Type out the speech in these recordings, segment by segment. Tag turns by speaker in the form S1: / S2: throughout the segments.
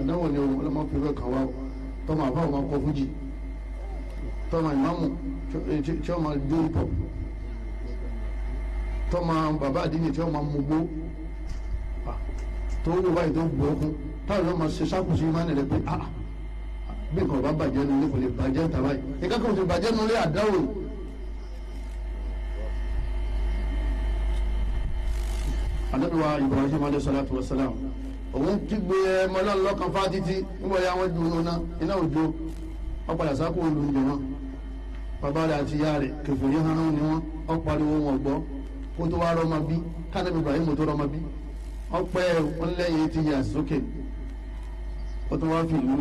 S1: àdáwọn ni òun ọlọ́mọ fi fẹ́ kàn wá o tọ́mọ àbáwọn máa kọ fújì tọ́mọ ìmáàmù tí wọ́n eh, máa dé ipò tọ́mọ bàbá àdínì tí wọ́n máa mú gbó tó wù báyìí tó gbó kún táwọn yóò máa ṣe sákòsí ìmánì rẹ pé ah bí nǹkan bá bàjẹ́ nulẹ̀ kò lè bàjẹ́ tàbá yìí ìkẹ́kọ̀ọ́ ti bàjẹ́ nulẹ̀ àdáwò. anabiwa Ibrahim alayhi salatu wa salam. òun kígbe ẹmọ náà lọ́kàn fátítí nígbà yà wọ́n ju ọ̀nà iná òjò wọ́n padà sákò olùjọ wọn bàbá rẹ̀ àti ìyá rẹ̀ kẹfìrí hàn ni wọ́n wọ́n pariwo wọn gbọ́ kó tó wá rọ́ọ̀mà bí kánàbí Ibrahim tó rọ́ọ̀mà bí wọ́n pẹ́ wọn lẹ́yìn ti yà sókè wọ́n tó wá fi ìlú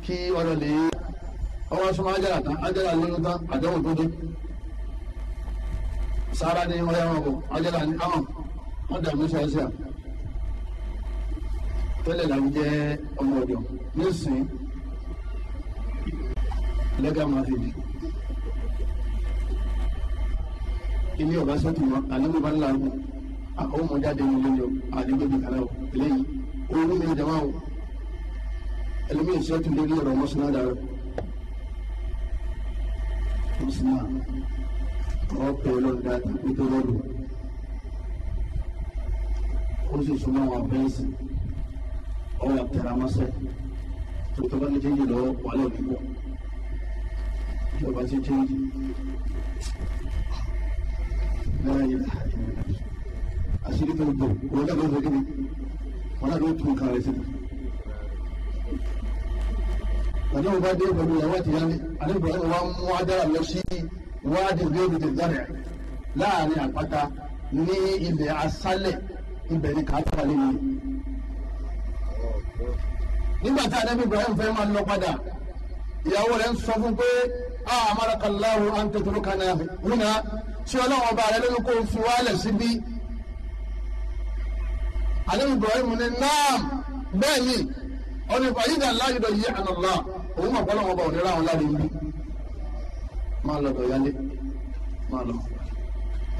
S1: nígbà ọwọ́ sọmọ ajára tán ajára lóyún tán àdéhùn tó dé sára ní ọyá wọn bò ajára ní àwọn wọn dàbí sọ́ọ́sì à tẹ́lẹ̀ là ń jẹ́ ọmọ ọ̀dọ̀ nísìnyí lẹ́gà máa fi di ilé ọba sọ́tù mọ́ àdéhùn bá ń la ọmọ àwọn ọmọ jáde ní ilé yọ àdéhùn kàlẹ́ o eléyìí oorun mi jẹ́ wá o ẹlòmíì sọ́tù lórí ọ̀rọ̀ mọ́sánná dára. Usman ọ̀pọ̀ ọlọ́dà tó kú tó lọ́dún ó sì súnmọ́ àwọn abẹ́ǹsì ọ̀rọ̀ àtẹ̀rámọ́sẹ̀ tó tó bá ní jẹ́jì lọ́wọ́ wàhálà òní pọ̀ ìjọba ti jẹ́jì láàyè àṣírí tó gbò wọ́n dàgbà ọ̀sẹ̀ kí ni wọ́n dàgbà ó tún kàrẹ́ síbi àdéhùn bá dé pẹ̀lú ìyàwó àti ìyáni àdéhùn bá wà mú adára lọ sí wáàdì lórí tẹ̀síárẹ̀ láàrin àpáta ní ilẹ̀ asálẹ̀ ibẹ̀ ni kàáfà lé mi. nígbà tí àdébí Ibrahim fẹ́ máa lọ padà ìyàwó rẹ̀ ń sọ fún pé amarakallahu an tatrukana huna tí ọlọ́wọ́n bá rẹ lónìí kó o fi wálẹ̀ síbí. àdébí Ibrahim ní náà bẹ́ẹ̀ ni ọ̀nìfàyídà láyé lọ yí àná náà òun mọ̀ pọ́lọ́wọ́ ọba òní ráhùn láde níbi máa lọ dọ̀yálé máa lọ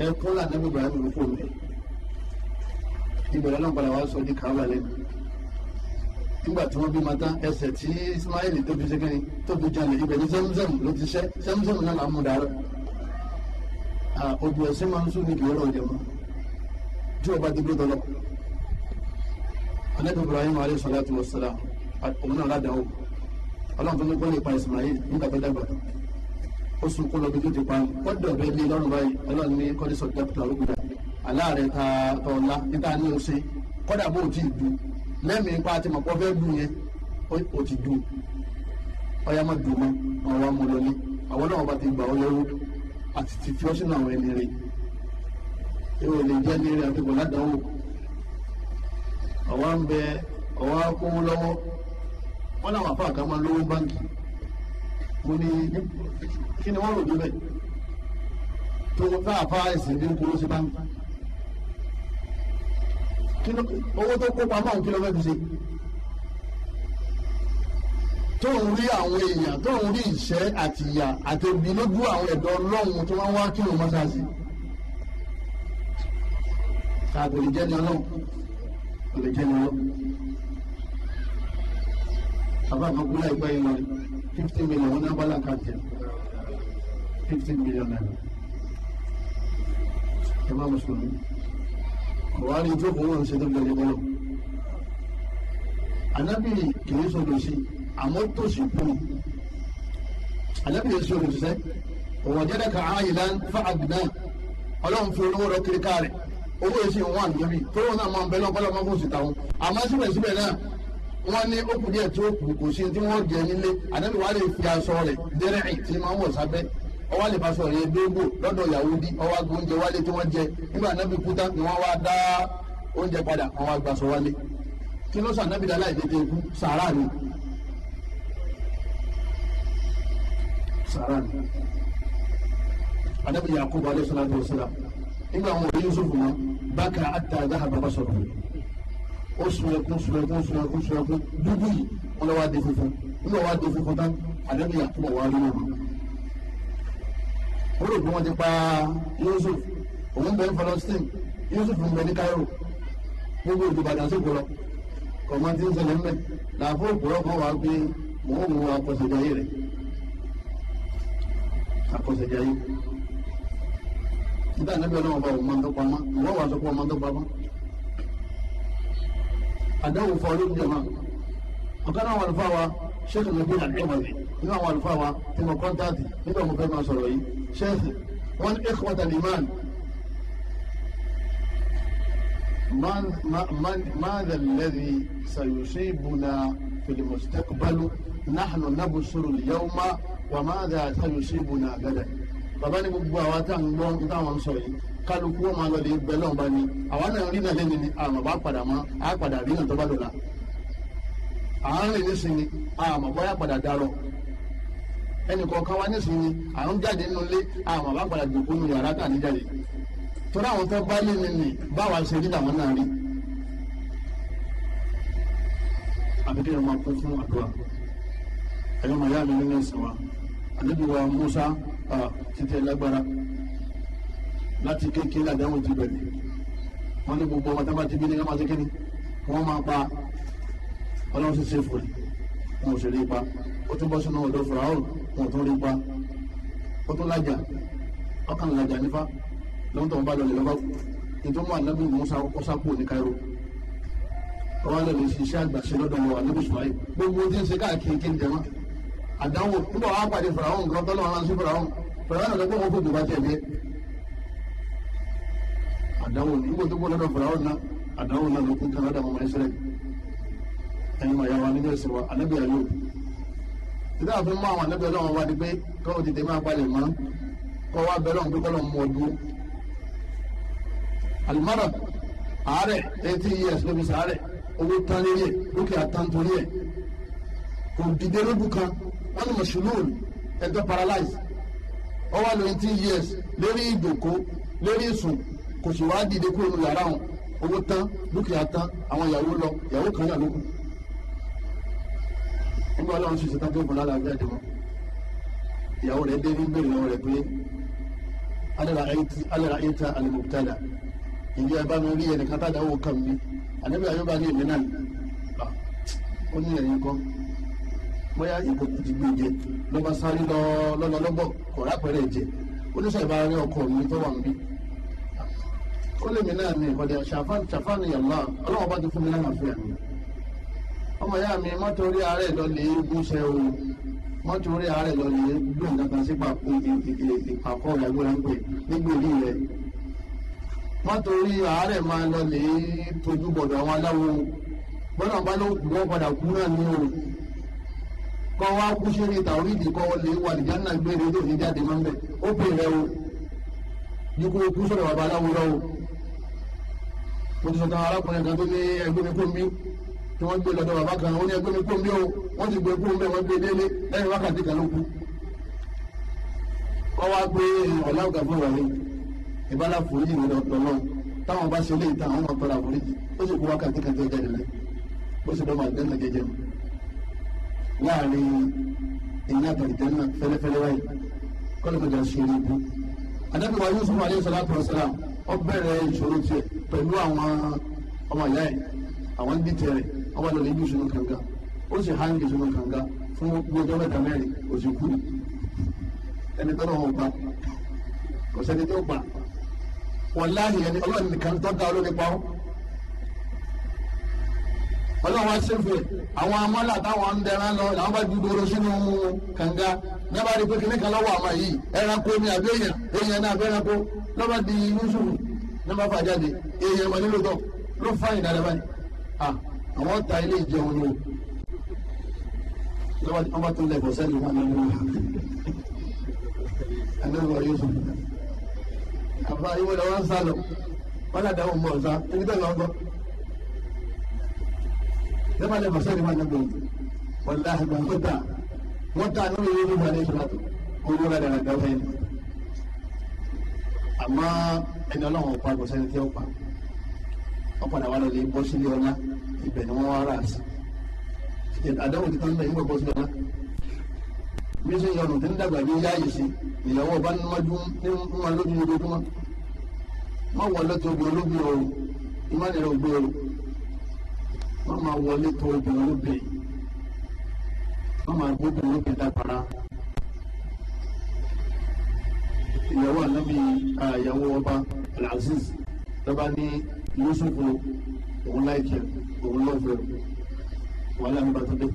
S1: ẹkún lànàbí Ibrahim ló kò mẹ́ ìbẹ̀rẹ̀ náà padà wá sọ ní kàábà lẹ́nu nígbà tí wọ́n bí ma tán ẹsẹ̀ tí Ismail tó fi ṣe kẹ́ni tó fi jalè ibẹ̀ ní Zamzam ló ti ṣẹ́ Zamzam náà làá mú dàrú ojú ẹsẹ̀ máa ń sún ní kìí ọ̀rọ̀ ìjọba tí ọba ti gbé tọ́lọ́ Ànábì Ibrahim alayhi salatu wa salam òun náà ládàá o. ọlọ́run tó ní kó lè pa Ismail nígbà tó dàgbà ó sunkún lọ bí tó ti pa kọ́dọ̀ bẹ́ẹ̀ lé lọ́rùn báyìí ọlọ́run ní kọ́dísọ̀ dẹ́kítà olùgbìdà aláàrẹ ta tọ́lá níta ní o kọ́dà bó ti dùn lẹ́mìí pa àti fẹ́ dùn yẹn ti dùn ọyá má dùn mọ́ wa mú lọ ní àwọn náà wọ́n bá ti gbà àti ti fi ọ́ sínú àwọn ẹni rẹ̀ wọ́n làwọn àfa àkàmọ lówó báńkì mo ní kí ni wọ́n rò débẹ̀ tó tá àfa ẹsẹ̀ dé ń kúrò sí báńkì owó tó kó pamọ́ òun kí ló fẹ́ fi ṣe tó ń rí àwọn èèyàn tó ń rí ìṣẹ́ àti ìyà àti àwọn ẹ̀dọ́ ọlọ́run tó wọ́n wá kí ló mọ́ṣáàṣì àgbèrè jẹ́ ni ọlọ́run àgbèrè ni ọlọ́run àbá kan kú láìpẹ́ yìí lọ́rí fifty million wọn ní abala kàtẹ́ fifty million naira ẹ má mùsùlùmí kò wá ní ìjókòó wọn ṣe tó gbẹlẹ bọlọ anábìrì kìí sọdọ̀ sí àmọ́ tó sì kú anábìrì sọdọ̀ sí sẹ́ òwò jẹ́dẹ̀ ká ààyè lán fún àgbìnà ọlọ́run fi olówó rọ kiri káàrẹ̀ owó yẹn sì ń wá tó wọn náà máa ń bẹ lọ́pọ̀lọpọ̀ fún òsì táwọn àmọ́ síbẹ̀síbẹ̀ náà wọ́n ní okùn díẹ̀ tí ó kù kò ṣe tí wọ́n jẹ nílé ànábì wàá lè fi aṣọ rẹ̀ dẹ́rẹ́ẹ̀ tí máa ń wọ̀ lè dóńgò Yahudi ọwọ́ agbó oúnjẹ wálé tí wọ́n jẹ nígbà ànábì ni wá dá oúnjẹ padà wọ́n wá wálé kí ló sọ dá kú ni ni Yakubu alayhi wa salam nígbà wọn Yusuf mọ bákà àbábá ó sun ẹkún sun ẹkún sun ẹkún o ẹkún dúdú yìí wọn lọ wá dé funfun nígbà wá dé funfun tán àdébí àkúbọ̀ wá rí wọn. ó rò pé wọ́n ti pa Yusuf o bẹ ní Palestine Yusuf ń bẹ ní Cairo gbogbo ìdìbàdàn sí kúrọ kọ̀ọ̀mọ́ ti ń ṣẹlẹ̀ ń bẹ̀ làáfó kúrọ̀ kan wà pé wọ́n ò mú akọ̀ṣẹ̀jáyé rẹ̀ akọ̀ṣẹ̀jáyé. nígbà níbi ọlọ́wọ́ bá o máa ń tó pamọ́ ìwọ́n wà sọ pé òun máa ń tó pamọ́. أنه فارق جهان وكان هو الفاوى شيخ المدينة العمري إنه هو الفاوى في مقرن تاتي إنه هو فيما شيخ وان الإيمان من ما من ماذا الذي سيصيبنا في المستقبل نحن نبشر اليوم وماذا سيصيبنا غدا طبعا بابا تان بون تان kálukú wọn máa lọ lè bẹ lọ́nba ni àwa náà rí náà lẹ́ni ni àmọ̀ bá padà mọ́ á padà rí náà tó bá dọ̀la àárín nísìnyí àmọ̀ bóyá padà darọ̀ ẹnìkọ̀ọ̀kan wa nísìnyí à ń jáde nínú ilé àmọ̀ bá padà dùnkú nínú yàrá tà ní jáde torí àwọn tó bá lé mi nì báwa ṣe rí làwọn náà rí àbíkẹ́ ẹ̀ máa kún fún àdúrà ẹ̀yọ́ màá yá mi nínú ìsìn wa àdébíwá Musa títẹ̀ lágbára láti kékeré àdáhùn ti bẹ̀rẹ̀ wọ́n ní gbogbo ọmọ tí wọ́n bá ti bí ní ká máa ṣe kíni wọ́n máa pa ọlọ́run sì ṣe fòlì wọn ò sì rí ipa ó tún bọ́ sínú ọ̀dọ̀ fúráhùn wọn ò tún rí ipa ó tún lájà ọkàn lájà nípa lọ́wọ́n tó ń bá lọ lè lọ́ba ìtọ́mọ ànábì Mùsá ó sápò ní Cairo ọwọ́ lè lè ṣiṣẹ́ àgbàṣe lọ́dọ̀ wọn ànábì sùmáì gbogbo tí ń ṣe káàkiri kí n jẹ wọn àdánwò nígbà wọn á pàdé fúráhùn lọ́tọ́ lọ́wọ́ àdáwò ní gbogbo tó kó lọ́dọ̀ fìràwọ̀ náà àdáwò náà ló kún kan lọ́dọ̀ ọmọ ìṣẹ̀lẹ̀ ẹni màá yà wá nínú ẹ̀sìn wa ànábì ayò títí àfi mú àwọn ànábì ọlọ́run wá ni pé kọ́wọ́ tètè máa palẹ̀ mọ́ kọ́ wá bẹ́ẹ̀ lọ́run pé kọ́ lọ́run mú ọ dúró alimara àárẹ̀ eighty years ló fi sàárẹ̀ owó tán lórí ẹ̀ dúkìá tán torí ẹ̀ kò dìde lójú kan wọ́n ní mùsùlùmí ẹ̀dọ́ paralyze ọwọ́ lóyún eighty years lórí ìjòkó lórí ìsùn kò sì wá dìde kúrò nínú yàrá wọn owó tán dúkìá tán àwọn ìyàwó lọ ìyàwó kan náà ló kù nígbà Ọlọ́run sì ṣetán tó kù lára àbí àdìmọ́ ìyàwó rẹ̀ dé ní bèrè lọ́wọ́ rẹ̀ pé alára ẹ̀ta alimọ̀tálà ìdí ẹ̀bá mi rí ẹnìkan tá àdáwò kan mi ànábì ayọ́ba ní èmi náà ó ní ẹ̀yìn kan bóyá ìbò ti gbé jẹ lọ́ba sáré lọ́lọ́lọ́gbọ̀ kọ̀ọ̀rá pẹ̀rẹ̀ jẹ oníṣẹ́ ìbára ní ọkọ mi tó wà ń ó lè mí náà ní ìkọ̀dẹ̀ ṣàfáàní yàrá ọlọ́wọ́ bá ti fún mi lálàáfíà mi ọmọ ìyá mi mọ́tò o mọ́tò orí ààrẹ lọ́lẹ̀ gbé nǹkan sí ìpàkọ́ ìyàgbọ́ra ń pè nígbè rí rẹ̀ mọ́tò orí ma máa lọ́lẹ̀ tójú bọ̀dọ̀ àwọn aláwo gbọ́dọ̀ o o o mo ti sọ kan arákùnrin kan tó ní ẹgbẹ́ mi kún bí tí wọ́n gbé lọ́dọ̀ bàbá kan ó ní ẹgbẹ́ mi kún bí o wọ́n ti gbé kún bẹ́ẹ̀ wọ́n gbé délé lẹ́yìn wákàtí kan ló kú. kọ́ wá gbé ọ̀làǹkà fún wọlé ìbálà foríjì ní ọ̀tọ̀ náà táwọn bá ṣe lé ìta àwọn ọ̀tọ̀ la foríjì ó sì kú wákàtí kan jẹjẹ nílẹ̀ ó sì dọ́mọ àdéhùn jẹjẹ láàrin ìyá àtàlìjẹ́ náà fẹ́lẹ́fẹ́lẹ́ wáyé kọ́lọ́kọ̀jà ṣe é ní ibú. àdébìwá Yusuf alayhi salatu wa salam ọ bẹ̀rẹ̀ ìṣòro tiẹ̀ pẹ̀lú àwọn ọmọ ìyá ẹ̀ àwọn ń dìtẹ̀ rẹ̀ ọba lọ́lẹ̀ ibi ìṣòro kànga ó sì hangi ìṣòro kànga fún gbogbo mẹ́ta mẹ́rin òsì kú ni ẹni tọ́lọ́ wọn gbà kò sẹ́ni tó gbà wọn láàyè ẹni ọlọ́run nìkan tó dá olóni pa ọ́ ọlọ́run wá sẹ́fẹ̀ àwọn amọ́là táwọn ń dẹran lọ làwọn bá ju dòrò sínú kànga ní abáyé pé kíní lọ́wọ́ àmọ́ yìí ẹranko ni àbí èèyàn èèyàn náà lọ́ba di Yusuf ní bá fà jáde èèyàn wà nílò tán ló fà yín dáadáa báyìí à ah, àwọn ta ilé ìjẹun ni o lọ́ba ọba tó lẹ̀ bọ̀sẹ̀ ló wà nínú wa anáwó Yusuf àbá ìwé lọ wọn sá lọ wọn náà dáhùn mọ ọ̀sá ibi tẹ̀ lọ́n gbọ́ lọ́ba lẹ̀ bọ̀sẹ̀ ló wà nínú wa wọ́n dá àgbà wọ́n dá àná lórí Yusuf alẹ́ ìṣúná tó wọ́n wọ́n àmọ́ ẹni ọlọ́run ọ̀pá kò sẹ́ni tí ó pa wọ́n padà wà lọ́lẹ̀ bọ́ sílé ọlá ibẹ̀ ni wọ́n wá rà sí àdáwò ti tán lẹ́yìn gbọ́ bọ́ sílé ọlá bí ó ṣe yọnu tí ń dàgbà bí ó yáàyè sí ìyàwó ọba ní wọ́n máa lójú ojoojúmọ́ má wọ lọ́tọ̀ obì olóbi o ìmánìyàn ògbé o má máa wọlé tó obì olóbi má máa gbóbi olóbi dàgbàrá ìyàwó ànábì ìyàwó ọba Al-Aziz lọ́ba ní Yusufu òun láìkẹ́ òun lọ́fẹ̀ẹ́ wàhálà ń bàtà dé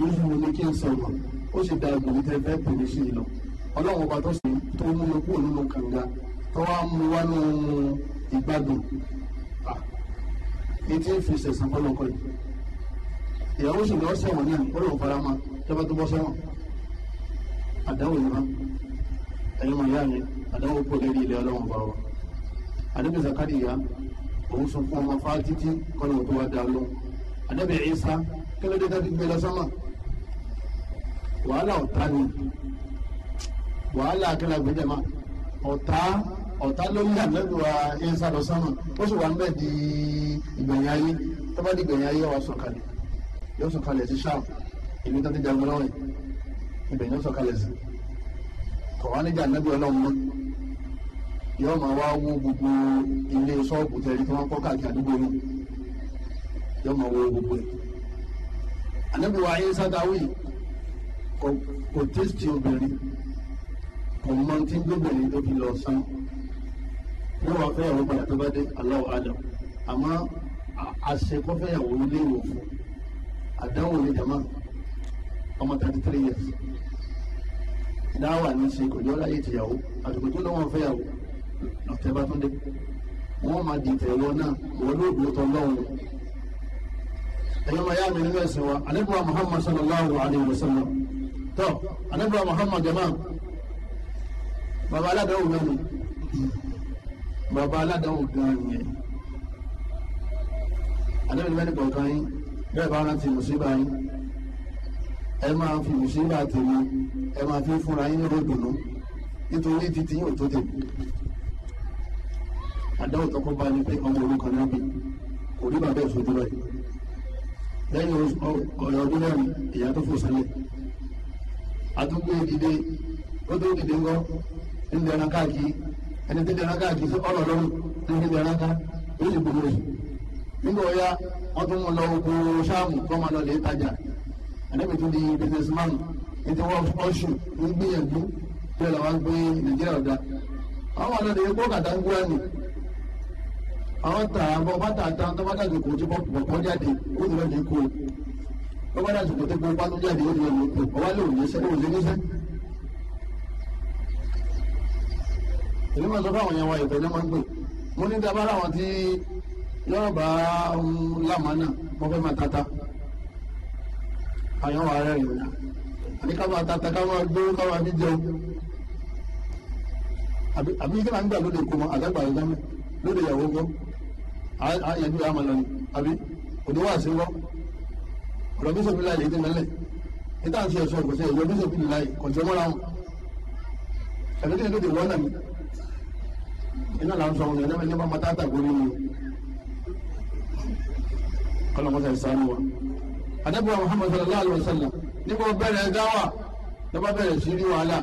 S1: Yusufu ní kí n sọ̀rọ̀ ó sì da ìgbòho tẹ́ fẹ́ pèlè sí i lọ ọlọ́run ọba tó sì tó mú mi kúrò nínú kànga tó wá mú wá nínú ìgbádùn etí ń fi sẹ̀sán fọlọ́kọ́ yìí ìyàwó sì lọ sẹ̀wọ̀n náà ó lọ́ọ́ fara ma tẹ́fẹ́ tó bọ́ sẹ́wọ̀n àdáwò yìí rán ẹ̀yin màá yá mi àdánwò pọ̀ lórí ilẹ̀ ọlọ́run bá wa ànábì zakariya òun sọ fún ọmọ fáá títí kọ́nà tó wá dá lọ ànábì Ìsá kílódé tá a fi gbé lọ sọ́mà wàhálà ọ̀tá ni wàhálà akẹ́lẹ́ àgbẹ̀jẹ̀ máa ọ̀tá ọ̀tá ló ń yà lẹ́nu wa Ìsá lọ sọ́mà ó sì wà ń bẹ̀ di ìgbẹ̀yìn ayé tó bá di ìgbẹ̀yìn ayé wa sọ̀kalẹ̀ yóò sọ̀kalẹ̀ sí sáà ìlú tó ti jagun lọ́wọ́ ibẹ̀ yóò sọ̀kalẹ̀ sí kọ̀wá níjà nábì ọlọ́run mọ́ yóò máa wá wó gbogbo ilé ṣọ́ọ̀bù tẹ̀lé tí wọ́n kọ́ káàkiri àdúgbò náà yóò máa wó gbogbo ẹ̀. ànábì wa ayé sádàwì kò tẹ́sítì obìnrin kò mọ tí ń gbóbìnrin tó fi lọ sán yóò wá fẹ́yàwó padà tó bá dé aláwọ̀ adam àmọ́ àṣekọ́fẹ́yàwó ilé ìwòfún àdánwò ní jama ọmọ thirty three years dáwà ní ṣe kò yọ láyé tìyàwó àtùkù tó lọ́wọ́ fẹ́ yàwó ọ̀tẹ̀ bá tún dé wọ́n máa di tẹ̀wọ́ náà wọ́n ló dùn tó lọ́wọ́ ẹ̀yọ́ máa yá mi nínú ẹ̀sìn wa alẹ́bùwà Muhammad sallallahu alayhi wa sallam tọ́ alẹ́bùwà Muhammad jama baba aládàáwò náà ni baba aládàáwò gan yẹn alẹ́bùwà ní kọ̀ọ̀kan yín bẹ́ẹ̀ bá rántí mùsíbà yín. ẹ máa fi òṣèlú si ẹ máa fi fúnra yín ní ròdùnú nítorí títí yóò tó tèmi. àdáwò tọkọ bá ní pé ọmọ orúkọ náà bí kò rí bàbá ìṣojú rẹ lẹ́yìn ọ̀rọ̀ ọdún mẹ́rin ìyá tó fò sílẹ̀ ìdílé ó tó dìde ńgọ́ ẹran káàkiri ẹni sí lọ́rùn ó sì gbogbo rẹ̀ nígbà wọ́n tún mú lọ ànábì tó di business man ètò wọn ọṣù ń gbìyànjú bí ọ̀la wọn gbé nàìjíríà ọ̀dà àwọn ọ̀dọ́ nìyẹn kó kàtà ń gbúra nì àwọn tà bọ́ bá tà tán tó bá tà jòkó tó bọ́ bọ́ jáde ó ti lọ́ọ́ di kó tó bá tà jòkó tó bọ́ bá tó jáde ó ti lọ́ọ́ di kó ọwọ́ lè òye sẹ́ òye níṣẹ́. èmi máa sọ fún àwọn yẹn wa ìfẹ́ ní máa ń gbè mo ní dábàrà àwọn tí yọ̀ọ̀ bá um, lámàánà mo fẹ́ máa tata àyàn wà rẹ̀ yìí àbí ká máa tata ká máa gbó ká máa fi jẹun àbí kí láńgbà lóde kó mọ àdàgbà rẹ̀ dámẹ́ lóde ìyàwó gbọ́ àyànjú àmà lọ ni àbí òde wà sí wọ́ ọ̀rọ̀ bí sọ̀fin láì lè dé mẹ́lẹ̀ níta àti ẹ̀sọ́ ọ̀gbọ̀sẹ̀ ìyọ̀ bí sọ̀fin láì kọ̀jọ́ mọ́ra wọn ṣàdédé lóde wọ́n nà mí iná là ń sọ ọ̀hún ẹ̀dá mẹ́lẹ́ bá máa tata gbóni mi kọ́lọ́mọ́sẹ̀ sánú wa anabiwa muhammad sallallahu alayhi wa sallam nígbà bẹ̀rẹ̀ dáwà lọba bẹ̀rẹ̀ sí rí wàhálà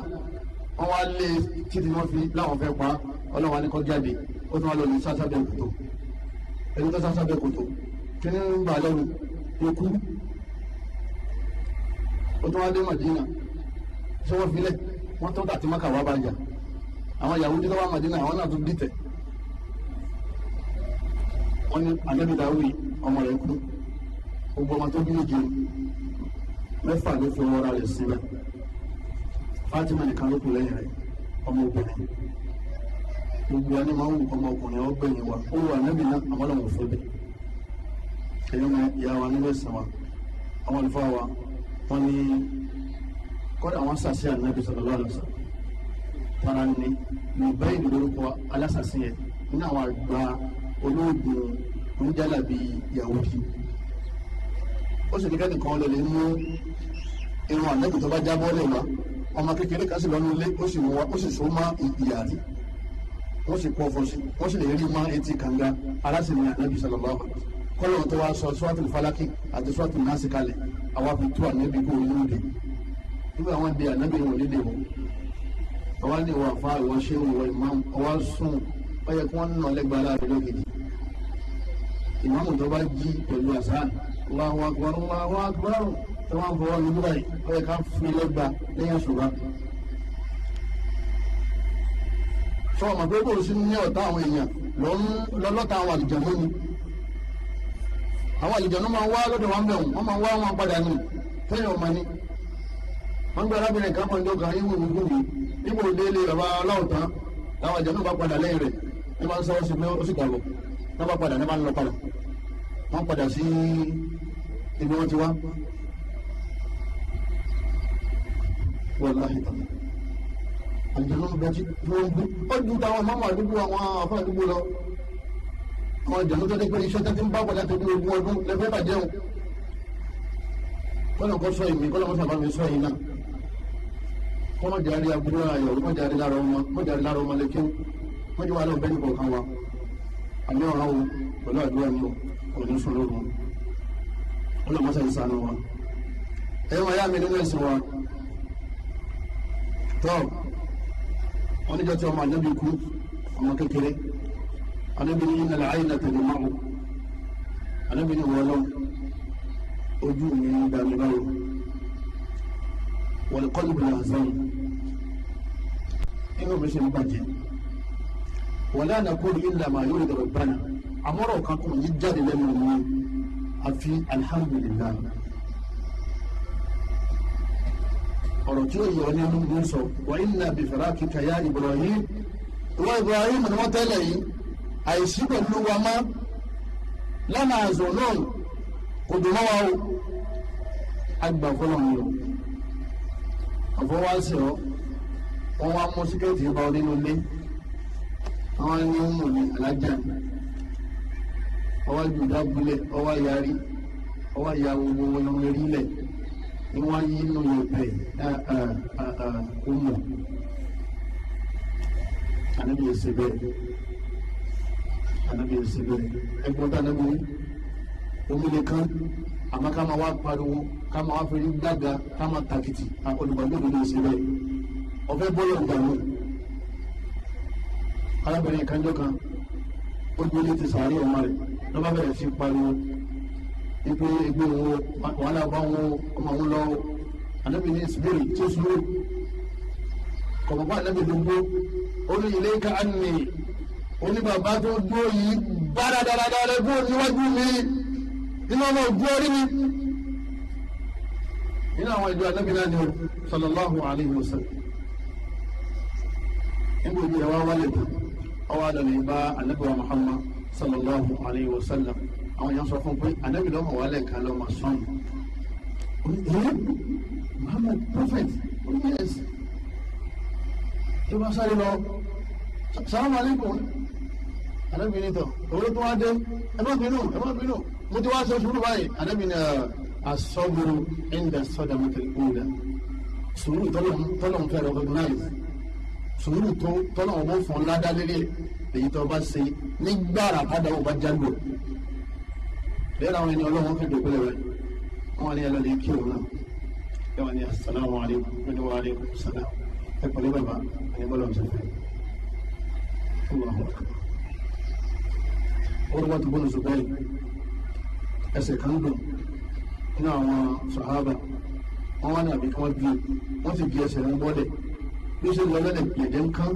S1: wọn wá lé títí wọn fi láwọn fẹ́ pa ọlọ́wọ́n ni kọ́ jáde ó tún wá lọ ní sásábẹ́ kòtò ẹni tó sásábẹ́ kòtò kíní ń bà lẹ́nu ikú ó tún wá dé madina ṣé wọ́n filẹ̀ wọ́n tó dàtí mọ́kà wá bàjá àwọn yahudi tó wá madina àwọn náà tún dìtẹ̀ wọ́n ní anabi dawudi ọmọ rẹ̀ kú gbogbo ọmọ tó bí méje mẹ́fà ló fi ọwọ́ ra rẹ̀ sílẹ̀ Fatima nìkan ló kù lẹ́yìn rẹ̀ ọmọ obìnrin gbogbo ẹni máa ń wù ọmọ ọkùnrin ọgbẹ̀yìn wa ó wà níbi náà àwọn ọlọ́run fún mi ẹ̀yọ́ mi ìyá wa nílé ìsìn wa ọmọ ìfọ́ wa wọ́n ní kọ́dà wọ́n sàṣẹ ànábì sọ̀rọ̀ lọ́dọ̀ sọ̀rọ̀ fara ni ní báyìí ní orúkọ alásàsìn yẹn nínú àwọn àgbà olóògùn onídàlàbí Yahudi ó sì kékeré nìkan lè lè mú irun ànábì tó bá jábọ́ lè wá ọmọ kékeré kan sì lọ́nu ilé ó sì wá ó sì so mọ́ ìyàrí wọ́n sì kọ́ fọ́sí wọ́n sì lè rí mọ́ etí kànga aláṣẹ̀mí ànábì sallallahu alaihi wasallam kọ́lọ́run tó wá sọ sọ́ọ́tù falaki àti sọ́ọ́tù násì kalẹ̀ àwa fi tú ànábì kó olú de nígbà àwọn di ànábì wọn lédè wọn àwa ní ìwà àfa ìwà ṣé ìwà ìmáàmù ọwá sùn ó yẹ kí wọ́n nà lẹ́gbàá láàrin lókè ìmáàmù tó bá jí pẹ̀lú àsáà Allahu akbar Allahu akbar tí wọ́n fọwọ́ ní bíbáyì ó yẹ ká fi lẹ́gba lẹ́yìn ṣùgbọ́n. sọ ma pé bóun sì ní ọ̀tá àwọn èèyàn lọ́lọ́ta àwọn àlìjànnú ni àwọn àlìjànnú máa ń wá lọ́dọ̀ wọn bẹ̀rù wọ́n máa ń wá wọn padà nù fẹ́yìn ọ̀ma ni wọ́n gbé arábìnrin kan pọ̀jọ́ kan ìwò ìwò mi ìwò délé bàbá aláwọ̀tán làwọn àlìjànnú bá padà lẹ́yìn rẹ̀ ní bá ń sọ ọ́ sí pé ó sì gbàgbọ́ ní padà ní bá ń lọ padà wọ́n padà sí ibi wọ́n ti wá. wàláhì tàbí àjọyọ̀ ọ̀bẹ tí wọ́n gbé ó ju táwọn mọ́mọ́ àdúgbò àwọn afọ àdúgbò lọ àwọn àjọyọ̀ tó dé pé iṣẹ́ tẹ́tí ń bá wọlé àti ogún ọdún lẹ́fẹ́ bàjẹ́ o kọ́nà kó sọ èmi kọ́nà kó sábà mi sọ yìí náà kọ́nà jàre aburú ayọ̀ kọ́nà jàre lára ọmọ kọ́nà jàre lára ọmọ lẹ́kẹ́ wọ́n jẹ́ wà lọ́wọ́ kọ̀ọ̀kan wa àmì ọ̀ràn o pẹ̀lú àdúrà ni o kò ní fún lógun ọlọ́mọṣẹ́ ń sanu wa ẹ̀yin wáyà mi nínú ẹ̀sìn wa tọ́ wọn níjọ tí ọmọ ànábì kú ọmọ kékeré ànábì ní ìnàlẹ̀ àyìnà tẹ̀lé máwò ànábì ní wọlọ́ ojú mi ń dá mi báyìí wọ́n kọ́ níbi làzán inú mi ṣe ń bàjẹ́ wọ́n lánàá kó ní ìlànà yóò dọ̀rọ̀ bánà àmọ́rọ̀ kan kò ní jáde lẹ́nu mi àfi alihamudulilayi ọ̀rọ̀ tí ó yọ ní ẹnu ló ń sọ wà ilà bìfẹ̀rẹ̀ kíkà ya Ibrahim ìwọ Ibrahim ni wọ́n tẹ́lẹ̀ yìí àìsí pẹ̀lú wa mọ́ lánàá àzọ̀ náà kò dùn mọ́ wa o àgbà fọlọ́ mi o àfọwọ́sẹ̀ ọ́ wọ́n wá mú síkẹ́ẹ̀tì bá ọ nínú ilé àwọn ẹni ń mú ní alájà ní ọwọ́ àjùdá bulẹ̀ ọwọ́ àyàrí ọwọ́ àyà gbogbo irun erí lẹ̀ ni wọ́n yí inú ìpè ọmọ ànábìyẹ sí bẹ́ẹ̀ ànábìyẹ sí bẹ́ẹ̀ ẹgbọ́n tá ànábìyẹ omi nìkan àmọ́ ká máa wá pariwo ká máa wá fẹ́rí gbága ká máa tàkìtì olùgbàgbọ́ òdodo ṣe bẹ́ẹ̀ ọ̀fẹ́ bọ́yọ̀ ìdààmú kan ó dúró létí sàárè ọmọ rẹ̀ ló bá bẹ̀rẹ̀ sí pariwo ipe igbe wo wàhálà bá wọn ọmọ wọn lọ anabi ní isbiri tí ó sùúrù kọ̀mọ̀pá anabi dùnkú ó ní ilé ká ànì oníbàbá tó dúró yìí bá dáradára dúró níwájú mi nínú ọmọ ògbó orí mi nínú àwọn ìjọ anabi náà ni sallallahu alayhi wa nígbà òbí ẹ wá wálé ọwọ́ àdàlẹ̀ ìbá anabi wa muhammad sallallahu alayhi wa sallam àwọn yẹn sọ fún pé anabi lọ́mọ wà lẹ́ẹ̀kan lọ́mọ sọ́ọ̀nù oníyẹ muhammad prophet oníyẹs tí wọ́n sáré lọ sàlámù alaykum anabi ní tọ̀ owó tó wá dé ẹ má bínú ẹ má bínú mo ti wá sọ sùúrù báyìí anabi ní asọ́gbòrò ẹ̀ńdà sọ́dà mọ́tẹ́lẹ́kùnrin dà sùúrù tọ́lọ̀ ń fẹ́ rẹ̀ recognize sùúrù tó tọ́lọ̀ ń fọ́n ládàá lélẹ̀ èyí tó bá ṣe nígbàrà padà ó bá jágbó bẹ́ẹ̀ làwọn ẹni ọlọ́run fi dògbò lẹ́wẹ̀ wọn ní ẹlọ́lẹ̀ kí òun náà yẹ́n wọn ní asalaamu aleykum wọn ní wa aleykum salaam ẹ pẹ̀lú bàbá ẹni bọ́lá ọ̀sẹ̀ fẹ́ wọ́n wá tó bọ́lá ọ̀sẹ̀ bẹ́ẹ̀ ẹsẹ̀ kan dùn nínú àwọn sàhábà wọn wá ní àbíkí wọn bí wọn bí ẹsẹ̀ ń bọ́lẹ̀ bí ó ṣe lọ lọ́lẹ̀ yẹ̀dẹ̀ ń kán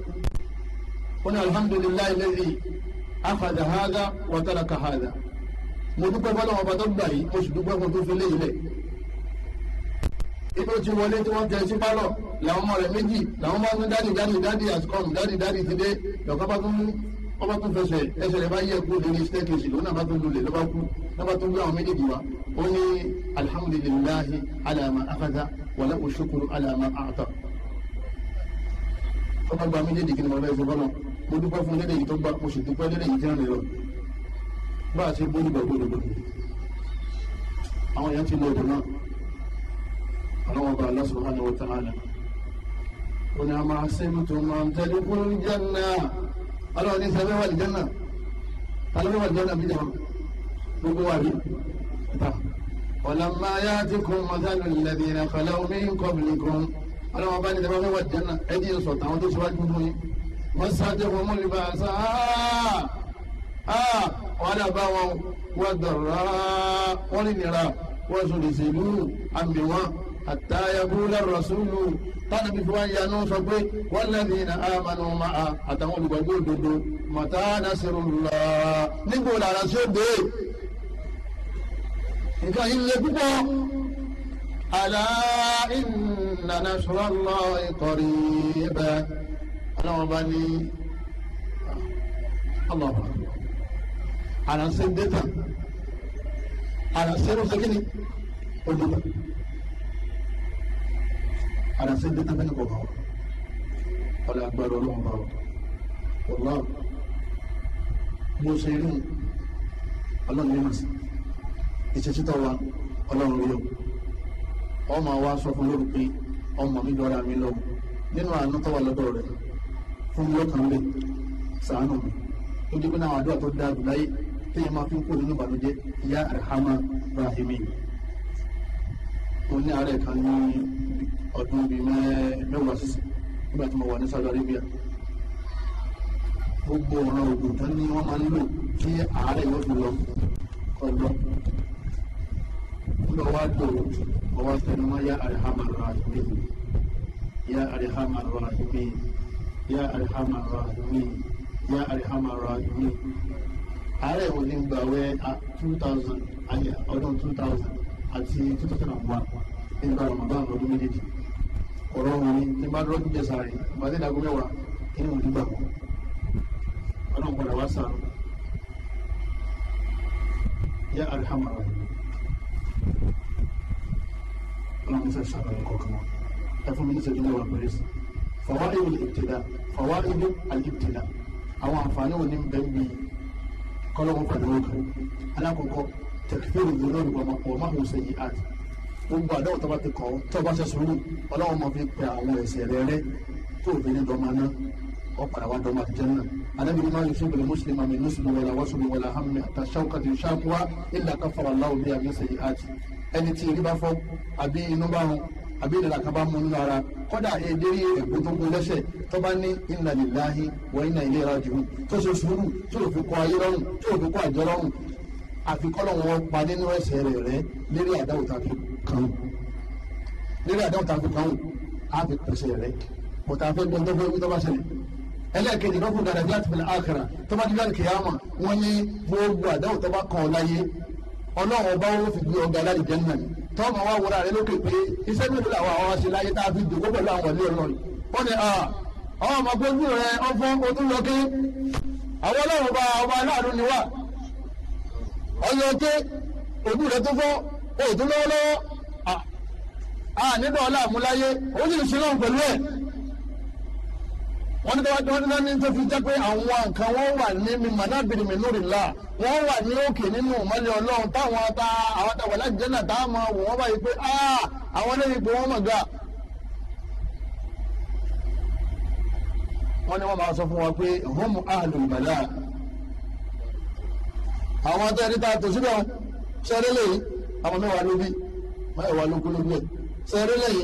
S1: ó ní alhamdulilayi lẹ́yìn afadà hada wàtàlà kahada mo dúpẹ́ fọlọ́ ọba tó gbà yìí mo sì dúpẹ́ fún tó fi léyìn lẹ̀ ibi ó ti wọlé tí wọ́n tẹ sí pálọ̀ làwọn ọmọ rẹ̀ méjì làwọn bá ń dádì dádì dádì àtikọ́m dádì dádì ti dé lọ́kọ́ bá tún ọba tún fẹsẹ̀ ẹsẹ̀ rẹ̀ bá yẹ kú lórí staircase lónà bá tún lulẹ̀ lọ́ba kú lọ́ba tún gbé àwọn méjèèjì wa ó ní alhamdulilahi alama akada wàlá òṣùkúrú alama ata ọba gba méjèèjì kí ni mo fẹ́ sọ fọlọ́ mo dúpẹ́ fún lẹ́dẹ̀ yìí tó gbà mo sì dúpẹ́ lẹ́dẹ̀ yìí tí wọ́n lè lọ bá a ṣe bóyú bọ̀ gbódòdò àwọn èèyàn ti lọ òdò náà ọlọ́wọ́n bá Allah subhanahu wa ta'ala ó ní a máa ṣe mú tó máa ń tẹ́lẹ̀ fún jẹ́nà ọlọ́wọ́n ní sẹ́fẹ́ wà ní jẹ́nà tàlọ́wọ́ ní jẹ́nà bí gbogbo wà rí ta ọ̀làmà yá ti kún mọ́tàlù lẹ́dìrín omi ń kọ́ bìnrin kan ọlọ́wọ́n bá ní sẹ́fẹ́ wà ní jẹ́nà ẹ̀ وسعتهم الباساء wọ́n bá wọn wọ́n dọ̀rọ̀ wọ́n ní nira wọ́n sùn lè sèlú àmì wọn àtàyàbúlà rasúlù tánà bí wọ́n yanu sọ pé wọ́n lẹ́bi iná àmàlù máa àtàwọn olùgbàgbọ́ òdodo mọ̀tá nasiru lọ. nígbà wo làrá sí òde nǹkan yìí lè púpọ̀ àlà ìnana sọ̀rọ̀ lọ bẹ́ẹ̀ ọlọ́run bá ní ọlọ́run àránṣẹ́ ń dẹ́tà àránṣẹ́ ló ṣe kí ni ó dẹ́tà àránṣẹ́ ń dẹ́tà bẹ́ẹ̀ bọ̀ bọ̀ ọ̀la agbára ọlọ́run bá ọ̀la mo ṣe rí ọlọ́run yẹn mà sí ìṣẹ́sítọ́ wa ọlọ́run yẹn ọmọ wa sọ fún lórí ọmọ mi lọ́ra mi lọ nínú àánú tó wà lọ́dọ̀ fún mi lọ́kàn rẹ̀ sàánù mi tó dé pé náà àdúrà tó dáa jù láyé téèyàn máa fi ń kó nínú ìbànújẹ́ ìyá arhama rahimi òun ní àárẹ̀ kan ní ọdún bíi mẹ́wàá sísè nígbà tí mo wà ní Saudi Arabia gbogbo ọ̀ràn ògùn tán ni wọ́n máa ń lò kí àárẹ̀ yóò fi lọ ọ̀dọ́ nígbà wá dò ọwọ́ tẹnumọ́ yá arhama rahimi yá arhama rahimi yá àríhàmà ràdùnmí yá àríhàmà ràdùnmí ààrẹ ò ní gbàwẹ̀ two thousand ọdún two thousand àti two thousand and one nígbà ramadan ọdún méjèèjì ọ̀rọ̀ wọn ni ní bá dúró jíjẹ sáré ìbàdí ìdàgbọ́ mẹ́wàá kí ni mo dúgbà wọn ọdún padà wá sáré yá àríhàmà ràdùnmí ọlọ́run ní sẹ́yìn sábà ní kọ̀ọ̀kan wọn ẹ fún mi ní sẹ́yìn mẹ́wàá péré sí fọwọ́dé wòle ìtìdá fọwọ́dé bí alìtìdá àwọn àǹfààní wo ni bẹ́ẹ̀ bí kọ́lọ́kọ́ pẹ̀lú ọ̀gá alákọ̀ọ́kọ́ tẹ̀kífẹ́rù yìí lórí bàmà pọ̀ má hùwù sẹ́yìn àt gbogbo àdáwò tọ́ba ti kọ́ tọ́ba ṣe sùúrù ọlọ́wọ́ máa fi pe àwọn ẹ̀ṣẹ̀ rẹ̀ rẹ́ tó o fi ní dọ́mà náà ọ̀pọ̀ àwọn dọ́mà ti jẹ́nà anabi ni mayu sunbiri muslima mi nusubu wala wasubu wala hami ata shawkati shakuwa illa kafara allahu bi ami sayi ati ẹni tí ìrí bá fọ́ àbí inú bá hàn àbí ìnira kan bá mú nínú ara kọ́dà èdèrí ẹ̀gbọ́n tó ń gun lẹ́sẹ̀ tó bá ní inna lillahi wa inna ilaihi raji'un tó ṣe sùúrù tó lè fi kọ́ ayé lọ́rùn tó lè fi kọ́ àjọ lọ́rùn àfi kọ́lọ̀ wọn pa nínú ẹsẹ̀ rẹ̀ rẹ́ lérí àdáwò tàbí kan lérí àdáwò tàbí kan á fi pèsè rẹ̀ bọ̀tà fẹ́ gbọ́n tó fẹ́ tó bá ṣẹlẹ̀ ẹlẹ́ẹ̀kejì lọ́kùn darajat fil akhirah tó bá dúdú àlùkìyàmà wọ́n ní gbogbo àdáwò tó bá kàn ọ́ láyé ọlọ́run ọba ó fi gbé ọgá aládìjẹ́ náà tọ́ọ̀mù wa wúra rẹ lókè pé iṣẹ́ mélòó làwọn àwọn ṣe láyé tá a fi dògbò pẹ̀lú àwọn ọ̀lẹ́ ọ̀rọ̀ yìí ní ah, ọmọ gbójú rẹ ọfún odúlọ́kẹ́ àwọn ọlọ́run bá ọba aláàánú ni wà ọyọ̀ọ́kẹ́ ojú rẹ tó fọ́ òdúlọ́wọ́lọ́wọ́ à ah, nígbà ọlá àmúláyé ó sì ń ṣe náà pẹ̀lú ẹ̀ wọ́n ní tọ́wájú wọn ní náà ní tó fi jẹ́ pé àwọn nǹkan wọ́n wà ní mi mànàbìrì mi lórí la wọ́n wà ní òkè nínú ìmọ̀lẹ̀ ọlọ́run táwọn ta àwọn ta wàlá jẹ́nà tá a mọ̀ wò wọ́n báyìí pé àwọn lẹ́yìn pé wọ́n mọ̀ ga. wọ́n ní wọ́n máa sọ fún wa pé hum ahlul bala àwọn atẹ́rí ta tò síbẹ̀ sẹ́rẹ́lẹ̀ yìí àwọn mẹ́wàá ló bí mẹ́wàá ló kú ló bí ẹ̀ sẹ́rẹ́lẹ̀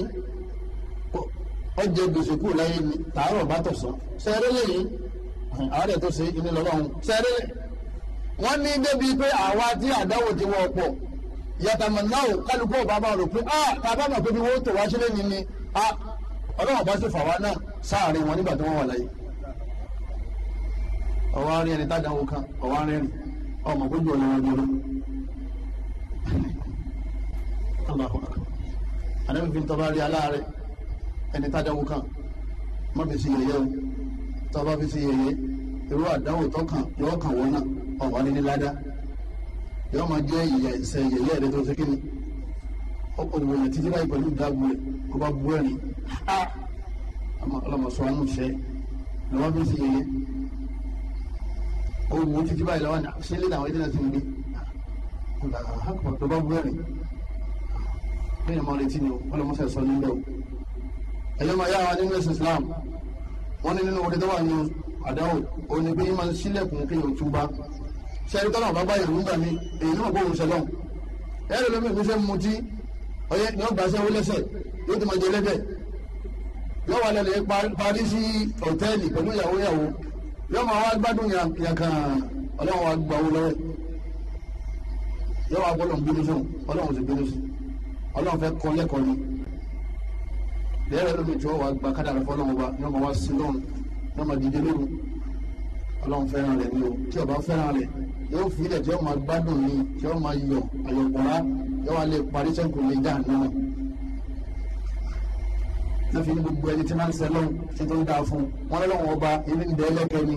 S1: ọjẹ gbèsè kúrò láyé ni tààrọ̀ bá tọ̀sán sẹ́rẹ́ lẹ́yìn àárẹ̀ tó ṣe ìní lọ́lọ́run sẹ́rẹ́ wọ́n ní débi pé àwa tí àdáwò ti wọ́ ọ̀pọ̀ yàtàmọ̀ náà kálukú ọba bá rò pé ah, a tàbá mọ̀ pé bí wọ́n tó wá sílẹ̀ ní ni a ah, ọlọ́wọ́n bá sì fà wá náà sáàárín wọn nígbà tí wọ́n wà láyé. ọwọ́ arìn ẹni tájà wọn kan ọwọ́ arìn ẹni ọmọ gbójú ọ̀nà wọn gbọ́dọ̀. aláàfọ̀ àdébìfin tọ́ba rí aláàrẹ̀ ẹni tájáwó kan má fi sí yẹ̀yẹ́ o tó bá fi sí yẹ̀yẹ́ irú àdáwò tó kàn yọ̀ọ́ kàn wọ́n náà ọ̀wá nílé ládá yọ̀ọ́ máa jẹ́ ìyà ìṣẹ̀ yẹ̀yẹ́ rẹ tó ṣe kí ni ọkùnrin wọ̀nyẹn títí láì pẹ̀lú ìdáàbò rẹ kó bá bu ẹ̀rín ah! ọlọmọsọ àánú ṣẹ lọ́wọ́ bí sí yẹ̀yẹ́ o wo títí báyìí lọ́wọ́ náà ṣé lẹ́nu àwọn ẹ̀dínlẹ̀ ti ń gbé lọ́ba bu ẹ̀rín ah! bẹ́ẹ̀ ni mo retí ni ọlọmọsọ ẹ̀sọ́ nílẹ̀ ẹlẹ́mọ ayé àwọn nínú ẹ̀sìn Islam wọ́n ní nínú orí tó wà ní àdáwò ó ní pé yín máa ń sílẹ̀kùn kéèyàn túbá sẹ́ni tọ́lá ọ̀bá bá yẹ̀rù ń gbà mí èyí náà gbóhùn sẹ́lọ̀ ẹ̀rọ lómi ìfúnṣẹ́ mutí ọyẹ ni ó gbà sẹ́wó lẹ́sẹ̀ yóò tó máa jẹ lẹ́bẹ̀ yóò wà lẹ́lẹ̀ parí sí hòtẹ́ẹ̀lì pẹ̀lú ìyàwó yàwó yóò máa wá gbádùn yàkàn ọlọ́run wa gbà owó lọ́wọ́ yóò wá gbọ́dọ̀ gbóni fún ọlọ́run ti gbóni sí ọlọ́run fẹ́ kọ́ lẹ́kọ̀ọ́ ni lẹ́yìn lómi tí wọ́n wá gba kádàrá fọlọ́wọ́n bá yọ́n máa wá sí lọ́run yọ́n máa dìde lóru ọlọ́run fẹ́ràn rẹ̀ ni o tí ọba fẹ́ràn rẹ̀ yóò fi ilẹ̀ tí yọ́n máa gbádùn ni tí yọ́n máa yọ àyọ̀kọ̀rá yọ́n wá lè parí sẹ́kù lè dà náà. ní fi ní gbogbo ẹni tí máa ń sẹ́ lọ́run tí tó ń dáa fún wọn lọ́wọ́ ọba ibi ń dẹ́ ẹlẹ́kẹ́ ni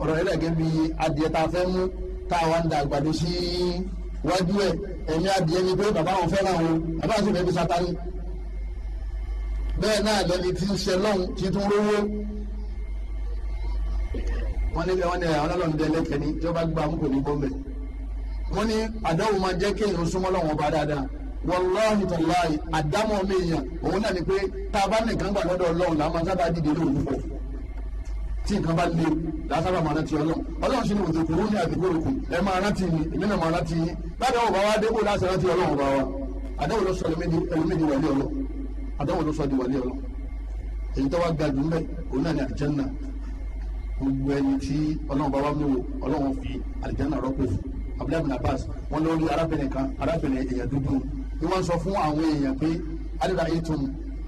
S1: ọ̀rọ̀ ẹlẹ́kẹ́ bíi adìẹ tá a fẹ́ mú tá a wá ń da àgbàdo sí wájú ẹ̀ ẹ̀mí adìẹ ni pé bàbá wọn fẹ́ràn wọn bàbá wọn sì fẹ́ fi satani bẹ́ẹ̀ náà lẹni tí ń ṣe lọ́hùn tí tún rówó wọ́n ní wọ́n ní àwọn ọlọ́run dé lẹ́kẹ̀ẹ́ ní tí wọ́n bá gbà mú kò ní bọ́m̀bẹ̀ wọ́n ní àdáwò máa jẹ́ kéèyàn súnmọ́ lọ́wọ́ bá dáadáa wọláhùn tàláì àdámọ́ mi èèyàn òun náà ni pé tá a bá nìkan gbà lọ́dọ̀ ọlọ́run là á máa sábà dìde lóòrùn pọ̀ tí nǹkan bá le làásàbà máa rántí ọlọ́run ọlọ́run sì ni òtò kúrú ní àdúgbò òkú ẹ máa rántí mi èmi náà máa rántí yín bá dáwọ̀ bá wa débò láti rántí ọlọ́run bá wa àdáwò lọ sọ ẹlòmídìí wọlé ọlọ́run àdáwò ló sọ di wàlẹ́ ọlọ́ èyí tó wá ga jù ńbẹ òun náà ní àlìjánà gbogbo ẹni tí ọlọ́run bá wá mú wo ọlọ́run fi àlìjánà rọ́pò fún abdullahi bin abbas wọn lórí arábìnrin kan arábìnrin èèyàn dúdú ni wọn sọ fún àwọn èèyàn pé alira itum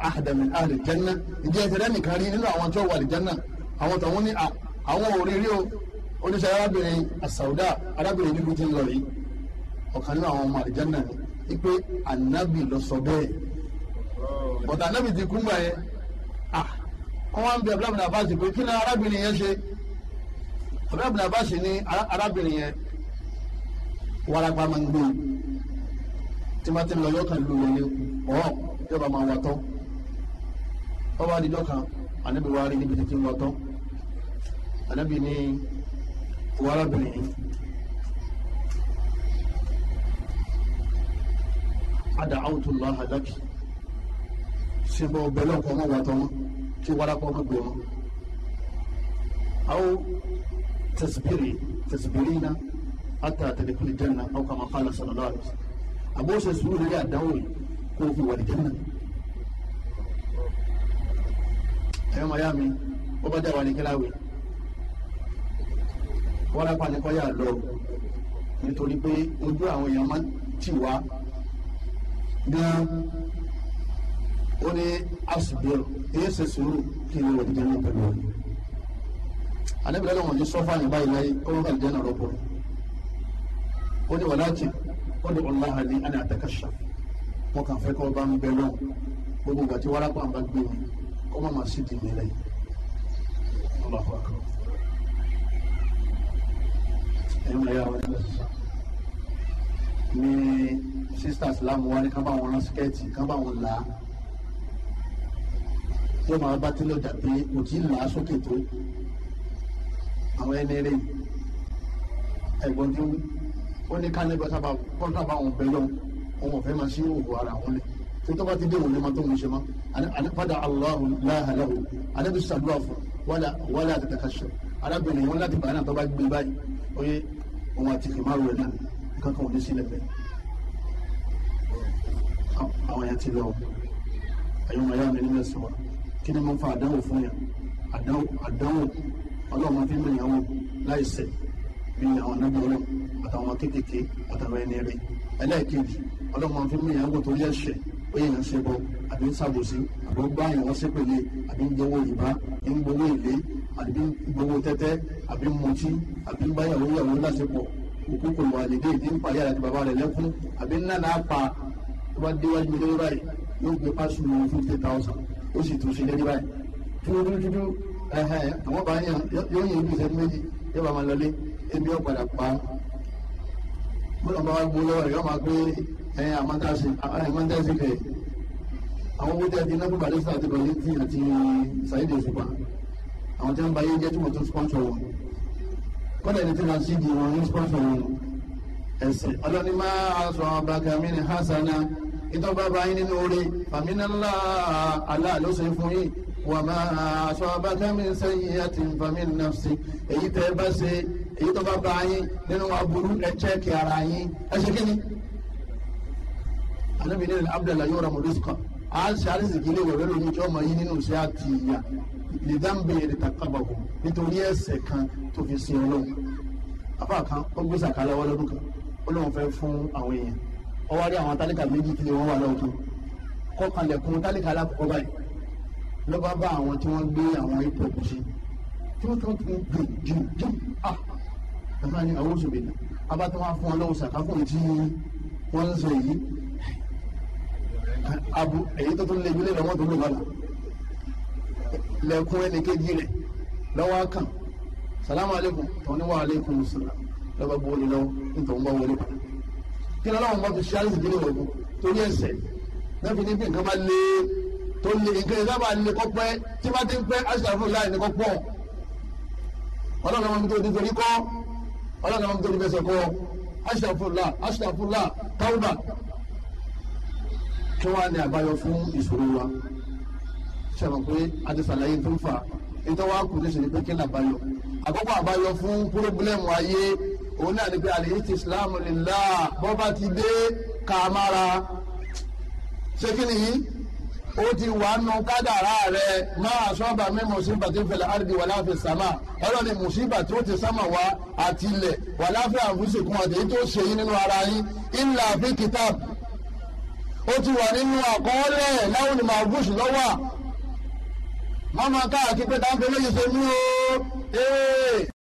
S1: ahadami àlìjánà ìdí ẹsẹ̀ lẹ́nìkan rí nínú àwọn tí wà àlìjánà àwọn tàwọn ní àwọn òrírí o oníṣẹ́ arábìnrin asauda arábìnrin dúdú ti ń lọ yìí ọ̀kan nínú àwọn ọmọ àlìjánà ni pé anabi lọ sọ bẹ́ẹ̀ bọ̀dà anábì ti kúngbà yẹn wọ́n wá ń bẹ abúlábìnrin abáṣe pé kí ni arábìnrin yẹn ṣe abúlábìnrin abáṣe ni arábìnrin yẹn warapa máa ń gbé o tí wọ́n ti lọ yọ̀ọ̀kan lu yẹn ọ̀ yọ̀ọ̀ba máa wà tán ọba adijọ́ kan anábì wa rí níbi títí wà tán anábì ní wọ́n arábìnrin yìí. adàáwùtò lọ́hàdákì ṣe bọ́ ọbẹ̀ lọ́kọ̀ ọmọ wàtọ́ wọn kí warapọ̀ ọmọ gbé wọn. àwọn tẹsibiri tẹsibiri na ata tẹlifili janna aw kama kala sallallahu alaihi wasallam a b'o ṣe sùúrù lórí àdáwò yìí kó o fi wà ní janna. ẹ̀yọ́ mọ̀ yá mi ó bá dá wà ní kíláwé warapọ̀ àníkọ́ yà lọ nítorí pé ojú àwọn èèyàn máa wá gan ó ní asùbẹ̀rù èyí ṣe sùúrù kí ni wọ́n dídé ní pẹ̀lú rẹ̀ alẹ́bìrẹ́ lọ́wọ́n ní sọ́fà ní báyìí láyé kọ́ ló bá dídé náà rọ́pò ó ní wàláàkì ó ní ọ̀làhà ní àná àtẹ́kàṣà wọn kàn fẹ́ kọ́ bá ń bẹ lọ́wọ́ gbogbo ìgbà tí wàrápà bá gbé mi kọ́ má má sí dìmí lẹ́yìn ọlọ́fọ́ àkọ́rọ́ ẹ̀yìn mọ̀ yà wọ́n ní sísítà sílámù wa ní ká bá wọn rán skẹ́ẹ̀tì ká bá wọn là á yóò máa bá tí ló dà pé kò tí ì là á sókè tó àwọn ẹni rè ẹ̀gbọ́n tí ó ní ká nígbà sábà kọ́ńtà bá wọn bẹ̀rẹ̀ òun ọ̀fẹ́ máa sí òògùn ara òun lẹ̀ tó tọ́ba ti dé òun lè máa tó ń ṣe mọ́ àdàpadà Allahu láha lahu àdàbí sàdúrà fún wàlà wàlà àti takasọ arábìnrin wọn láti bàánà tó bá gbé báyìí oyè òun àti ìmárù rẹ̀ náà nǹkan kan ò ní sílẹ̀ bẹ́ẹ̀ àwọn yẹn ti lọ ẹ̀yọ́ mọ̀ mi nínú ẹ̀sìn wa kí ni mo ń fa àdánwò fún yàn àdánwò àdánwò ọlọ́run fi mìíràn wọn láìsẹ̀ bí àwọn anábì ọlọ́run àtàwọn kéékèèké àtàwọn ẹni rẹ̀ ẹlẹ́ẹ̀kejì ọlọ́run fi mìíràn wọn torí ẹ̀ṣẹ̀ ó yẹ yàn ṣe bọ àbí ń ṣàbòsí àbí ń gbá àyàn ṣépèlé àbí ń jẹ́wọ́ ìbá ń gbowó èlé àbí ń gbowó tẹ́tẹ́ àbí ń mutí àbí ń báyàwó yàwó láṣepọ̀ òkú kò wà lédè ìdí ń pàyà àti bàbá rẹ̀ lẹ́kún àbí ó sì tún ṣe lẹ́ni báyìí dúdú dúdú ẹ̀hẹ́n àwọn bá yàn yóò yẹ ibi ìṣẹ́jú meji yóò bá máa lọlé ebi yóò padà pa á bọ́lá bá wá gbó lọ́wọ́ rẹ̀ yóò máa gbé ẹ̀yìn àmọ́tàṣe kẹ̀ àwọn owó tẹ́tí náà bàbá lẹ́sìn àti bàlẹ́tì àti sàyẹ́dì òṣùpá àwọn tí bá yé tí mo sponsor wọn kọ́dà di wọn ní máa sọ hasana. ìtọ́ba bá yín nínú oore fàmínàlá Allah ló ṣe fún yín wà máa aṣọ abájámi sẹ́yìn àti fàmínà nafsi èyí tẹ́ ẹ bá ṣe èyí tọ́ba bá yín nínú aburú ẹ chẹ́ẹ̀kì ara yín ẹ ṣe kí ni. anabi ní abdullahi yóò ra mọ̀lẹ́sìkọ̀ à ń ṣe àrísìkì ilé ìwọ̀rẹ́ lómi tí ọmọ yín nínú iṣẹ́ àti ìyà lìdánbẹ̀ yẹn ta kábàkù nítorí ẹ̀ṣẹ̀ kan tó fi sin ọlọ́run. apá kan ó gbé sàkálẹ̀ wọlé ọdún kan ó lóun fẹ́ fún àwọn èèyàn ọwọ́ rí àwọn tálíkà méjì tí wọ́n wà lọ́tọ̀ kọkànlẹ̀kùn tálíkà alákọ̀ọ́ báyìí ló bá bá àwọn tí wọ́n gbé àwọn ipò kù sí tí wọ́n tún tún dùn dùn dùn ah bàbá ni àwọn oṣù bẹ̀rẹ̀ abátọ́ wa fún ọlọ́wọ́ sàkáfọ̀ tí wọ́n ń sọ yìí abu èyí tó tún lé ibi lẹ́nu wọ́n tó lò lọ́la lẹ́kùn ẹnìkejì rẹ̀ lọ́wọ́ kàn salamu aleykum tọ́ni wa aleykum sàlám lọ́ba gbọ́ wọlé lọ́wọ́ nítorí wọ́n bá wọlé padà kí lọ́wọ́ wọn fi ṣe àyè ìdílé wọn torí ẹsẹ̀ náà fi ní bí nǹkan bá lé tó lé nǹkan yẹn sábà lé kọ́ pẹ́ tí bá ti ń pẹ́ aṣáájú láì ní kọ́ pọ̀ ọlọ́run àwọn ọmọ tó ti forí kọ́ ọlọ́run àwọn ọmọ tó ti fẹsẹ̀ kọ́ aṣàfùlà aṣàfùlà táwùbà kí wọ́n á ní àbáyọ fún ìṣòro wa ṣàmọ̀ pé a ti ṣàlàyé tó ń fà ètò wa kù ní ṣèlú pé kí n àbáyọ àkọ́kọ́ àbáyọ fún púrọ́bùlẹ́mù ayé òun náà ni pé àlè yìí ti islam lilá bọ́ bá ti dé kàmára ṣé kí nìyí ó ti wà nù kádàrá rẹ máa sọ́ba mi mùsíbà tí fẹlẹ̀ àrídì wà láfi sàmà ọlọ́run ni mùsíbà tí ó ti sàmà wá àti ilẹ̀ wà láfi àǹfùsìkún àti èyí tó ṣe yín nínú ara yín ìlà fi kìtàb ó ti wà nínú àkọọ́lẹ̀ láwọn ni màá gúúsù lọ́wọ́ mọ́mọ́ káàkiri pé táwọn fẹ́lẹ́ yìí ṣe mú o.